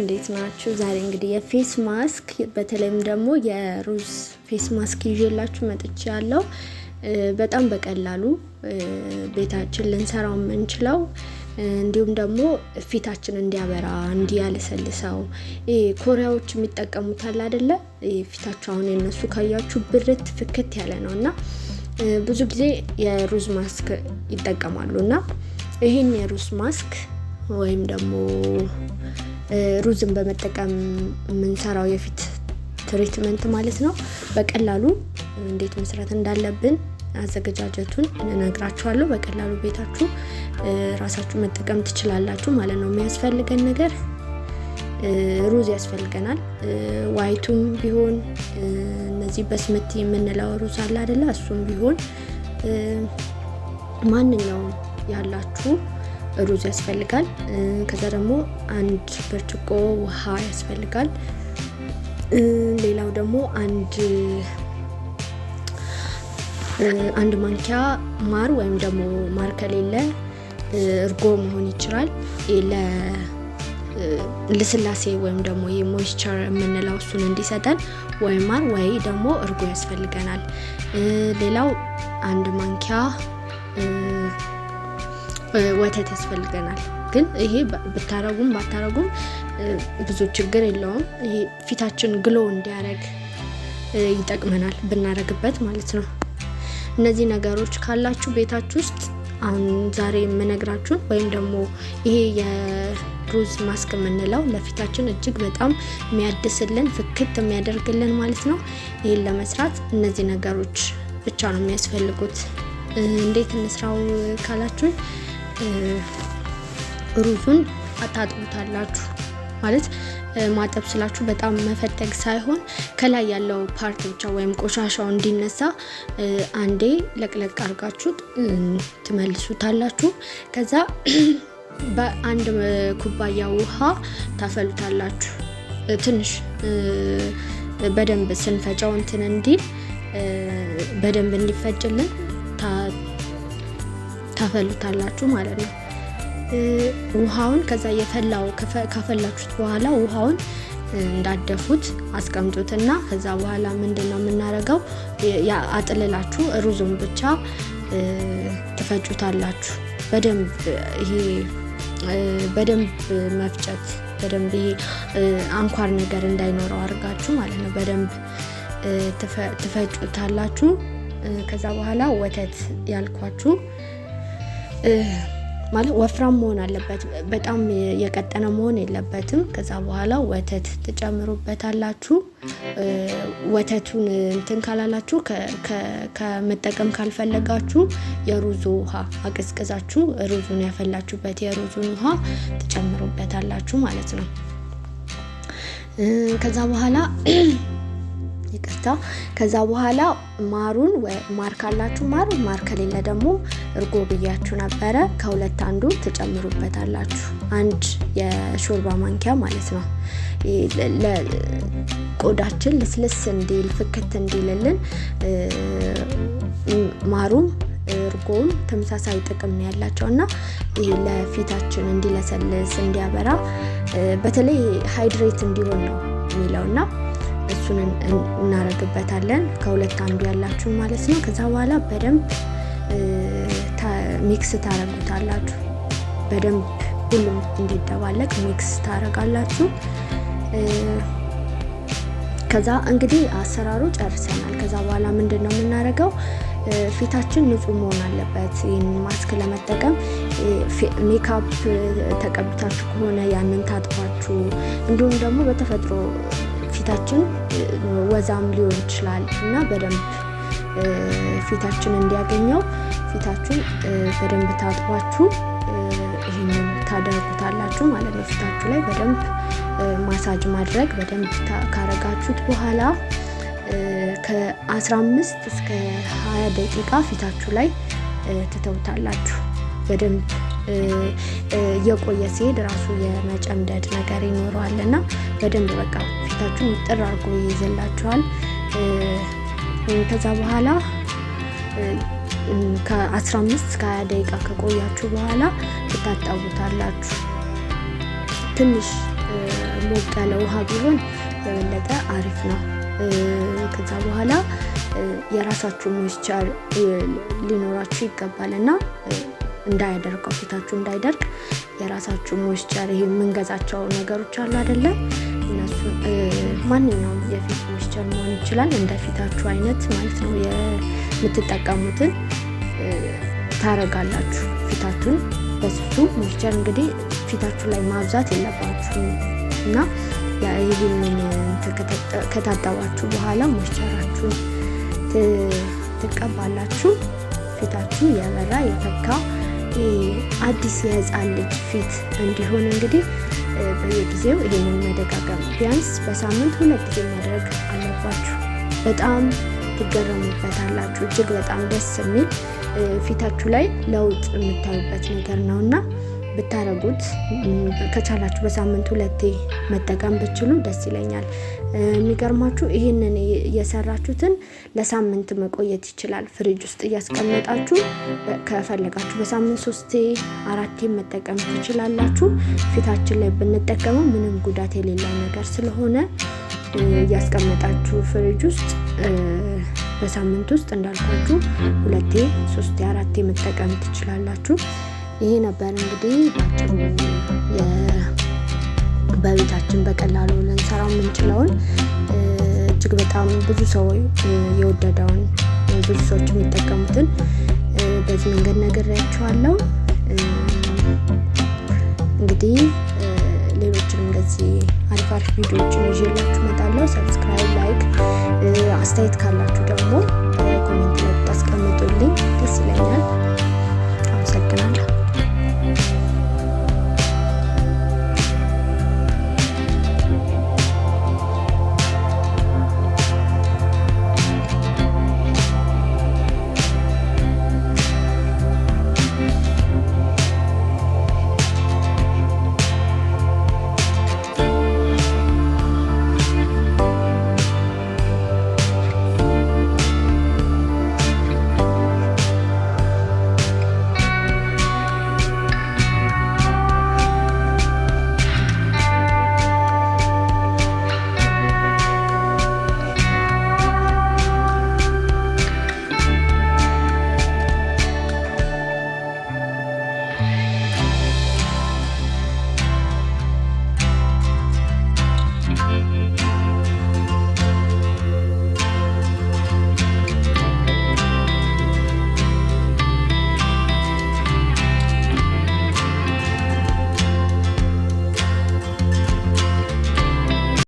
እንዴት ናችሁ? ዛሬ እንግዲህ የፌስ ማስክ በተለይም ደግሞ የሩዝ ፌስ ማስክ ይዤላችሁ መጥቼ ያለው በጣም በቀላሉ ቤታችን ልንሰራው የምንችለው እንዲሁም ደግሞ ፊታችን እንዲያበራ እንዲያለሰልሰው ኮሪያዎች የሚጠቀሙታል አይደለ? ፊታችሁ አሁን የነሱ ካያችሁ ብርት ፍክት ያለ ነው እና ብዙ ጊዜ የሩዝ ማስክ ይጠቀማሉ እና ይህን የሩዝ ማስክ ወይም ደግሞ ሩዝን በመጠቀም የምንሰራው የፊት ትሪትመንት ማለት ነው። በቀላሉ እንዴት መስራት እንዳለብን አዘገጃጀቱን እነግራችኋለሁ። በቀላሉ ቤታችሁ ራሳችሁ መጠቀም ትችላላችሁ ማለት ነው። የሚያስፈልገን ነገር ሩዝ ያስፈልገናል። ዋይቱም ቢሆን እነዚህ በስምት የምንለው ሩዝ አለ አደለ? እሱም ቢሆን ማንኛውም ያላችሁ ሩዝ ያስፈልጋል። ከዛ ደግሞ አንድ ብርጭቆ ውሃ ያስፈልጋል። ሌላው ደግሞ አንድ አንድ ማንኪያ ማር ወይም ደግሞ ማር ከሌለ እርጎ መሆን ይችላል። ለስላሴ ወይም ደግሞ የሞይስቸር የምንለው እሱን እንዲሰጠን ወይ ማር ወይ ደግሞ እርጎ ያስፈልገናል። ሌላው አንድ ማንኪያ ወተት ያስፈልገናል። ግን ይሄ ብታረጉም ባታረጉም ብዙ ችግር የለውም። ይሄ ፊታችን ግሎ እንዲያደርግ ይጠቅመናል ብናረግበት ማለት ነው። እነዚህ ነገሮች ካላችሁ ቤታችሁ ውስጥ አሁን ዛሬ የምነግራችሁን ወይም ደግሞ ይሄ የሩዝ ማስክ የምንለው ለፊታችን እጅግ በጣም የሚያድስልን ፍክት የሚያደርግልን ማለት ነው። ይህን ለመስራት እነዚህ ነገሮች ብቻ ነው የሚያስፈልጉት። እንዴት እንስራው ካላችሁኝ ሩዙን አታጥቡታላችሁ ማለት ማጠብ ስላችሁ በጣም መፈተግ ሳይሆን ከላይ ያለው ፓርት ብቻ ወይም ቆሻሻው እንዲነሳ አንዴ ለቅለቅ አድርጋችሁ ትመልሱታላችሁ። ከዛ በአንድ ኩባያ ውሃ ታፈሉታላችሁ። ትንሽ በደንብ ስንፈጫው እንትን እንዲል በደንብ እንዲፈጭልን ታፈሉታላችሁ ማለት ነው። ውሃውን ከዛ የፈላው ካፈላችሁት በኋላ ውሃውን እንዳደፉት አስቀምጡትና ከዛ በኋላ ምንድን ነው የምናደርገው? አጥልላችሁ ሩዙን ብቻ ትፈጩታላችሁ። በደንብ ይሄ በደንብ መፍጨት በደንብ ይሄ አንኳር ነገር እንዳይኖረው አድርጋችሁ ማለት ነው። በደንብ ትፈጩታላችሁ። ከዛ በኋላ ወተት ያልኳችሁ ማለት ወፍራም መሆን አለበት። በጣም የቀጠነ መሆን የለበትም። ከዛ በኋላ ወተት ትጨምሩበታላችሁ። ወተቱን እንትን ካላላችሁ ከመጠቀም ካልፈለጋችሁ የሩዙ ውሃ አቀዝቅዛችሁ ሩዙን ያፈላችሁበት የሩዙን ውሃ ትጨምሩበታላችሁ ማለት ነው። ከዛ በኋላ ይቅርታ። ከዛ በኋላ ማሩን ማር ካላችሁ ማር፣ ማር ከሌለ ደግሞ እርጎ ብያችሁ ነበረ። ከሁለት አንዱ ትጨምሩበታላችሁ። አንድ የሾርባ ማንኪያ ማለት ነው። ቆዳችን ልስልስ እንዲል ፍክት እንዲልልን ማሩም እርጎም ተመሳሳይ ጥቅም ነው ያላቸው እና ይሄ ለፊታችን እንዲለሰልስ እንዲያበራ፣ በተለይ ሃይድሬት እንዲሆን ነው የሚለው እና እሱን እናደርግበታለን። ከሁለት አንዱ ያላችሁ ማለት ነው። ከዛ በኋላ በደንብ ሚክስ ታደርጉታላችሁ። በደንብ ሁሉም እንዲደባለቅ ሚክስ ታደርጋላችሁ። ከዛ እንግዲህ አሰራሩ ጨርሰናል። ከዛ በኋላ ምንድን ነው የምናደርገው? ፊታችን ንጹህ መሆን አለበት። ይህን ማስክ ለመጠቀም ሜካፕ ተቀብታችሁ ከሆነ ያንን ታጥፋችሁ እንዲሁም ደግሞ በተፈጥሮ ፊታችን ወዛም ሊሆን ይችላል እና በደንብ ፊታችን እንዲያገኘው ፊታችን በደንብ ታጥባችሁ ይህንን ታደርጉታላችሁ ማለት ነው። ፊታችሁ ላይ በደንብ ማሳጅ ማድረግ በደንብ ካረጋችሁት በኋላ ከ15 እስከ 20 ደቂቃ ፊታችሁ ላይ ትተውታላችሁ። በደንብ የቆየ ሲሄድ ራሱ የመጨምደድ ነገር ይኖረዋል እና በደንብ በቃ ሽታችሁ ምጥር አድርጎ ይይዝላችኋል። ከዛ በኋላ ከ15 እስከ 20 ደቂቃ ከቆያችሁ በኋላ ትታጠቡታላችሁ። ትንሽ ሞቅ ያለ ውሃ ቢሆን የበለጠ አሪፍ ነው። ከዛ በኋላ የራሳችሁ ሞይስቸር ሊኖራችሁ ይገባል እና እንዳያደርቀው ፊታችሁ እንዳይደርቅ የራሳችሁ ሞይስቸር ይሄ የምንገዛቸው ነገሮች አሉ አይደለም ማንኛውም የፊት ሞይስቸር መሆን ይችላል እንደ ፊታችሁ አይነት ማለት ነው የምትጠቀሙትን ታረጋላችሁ። ፊታችሁን በስሱ ሞይስቸር እንግዲህ ፊታችሁ ላይ ማብዛት የለባችሁ እና ይህንን ከታጠባችሁ በኋላ ሞይስቸራችሁን ትቀባላችሁ። ፊታችሁ የበራ የተካ አዲስ የህፃን ልጅ ፊት እንዲሆን እንግዲህ በየጊዜው ይሄንን መደጋገም ቢያንስ በሳምንት ሁለት ጊዜ ማድረግ አለባችሁ። በጣም ትገረሙበታላችሁ። እጅግ በጣም ደስ የሚል ፊታችሁ ላይ ለውጥ የምታዩበት ነገር ነው እና ብታረጉት ከቻላችሁ በሳምንት ሁለቴ መጠቀም ብችሉ ደስ ይለኛል። የሚገርማችሁ ይህንን የሰራችሁትን ለሳምንት መቆየት ይችላል። ፍሪጅ ውስጥ እያስቀመጣችሁ ከፈለጋችሁ በሳምንት ሶስቴ አራቴ መጠቀም ትችላላችሁ። ፊታችን ላይ ብንጠቀመው ምንም ጉዳት የሌለ ነገር ስለሆነ እያስቀመጣችሁ ፍሪጅ ውስጥ በሳምንት ውስጥ እንዳልኳችሁ ሁለቴ ሶስቴ አራቴ መጠቀም ትችላላችሁ። ይሄ ነበር እንግዲህ ባጭሩ በቤታችን በቀላሉ ልንሰራው የምንችለውን እጅግ በጣም ብዙ ሰው የወደደውን ብዙ ሰዎች የሚጠቀሙትን በዚህ መንገድ ነግሬያችኋለሁ። እንግዲህ ሌሎችን እንደዚህ አሪፍ አሪፍ ቪዲዮዎችን ይዤላችሁ እመጣለሁ። ሰብስክራይብ፣ ላይክ፣ አስተያየት ካላችሁ ደግሞ ኮሜንት ላይ ብታስቀምጡልኝ ደስ ይለኛል። አመሰግናለሁ።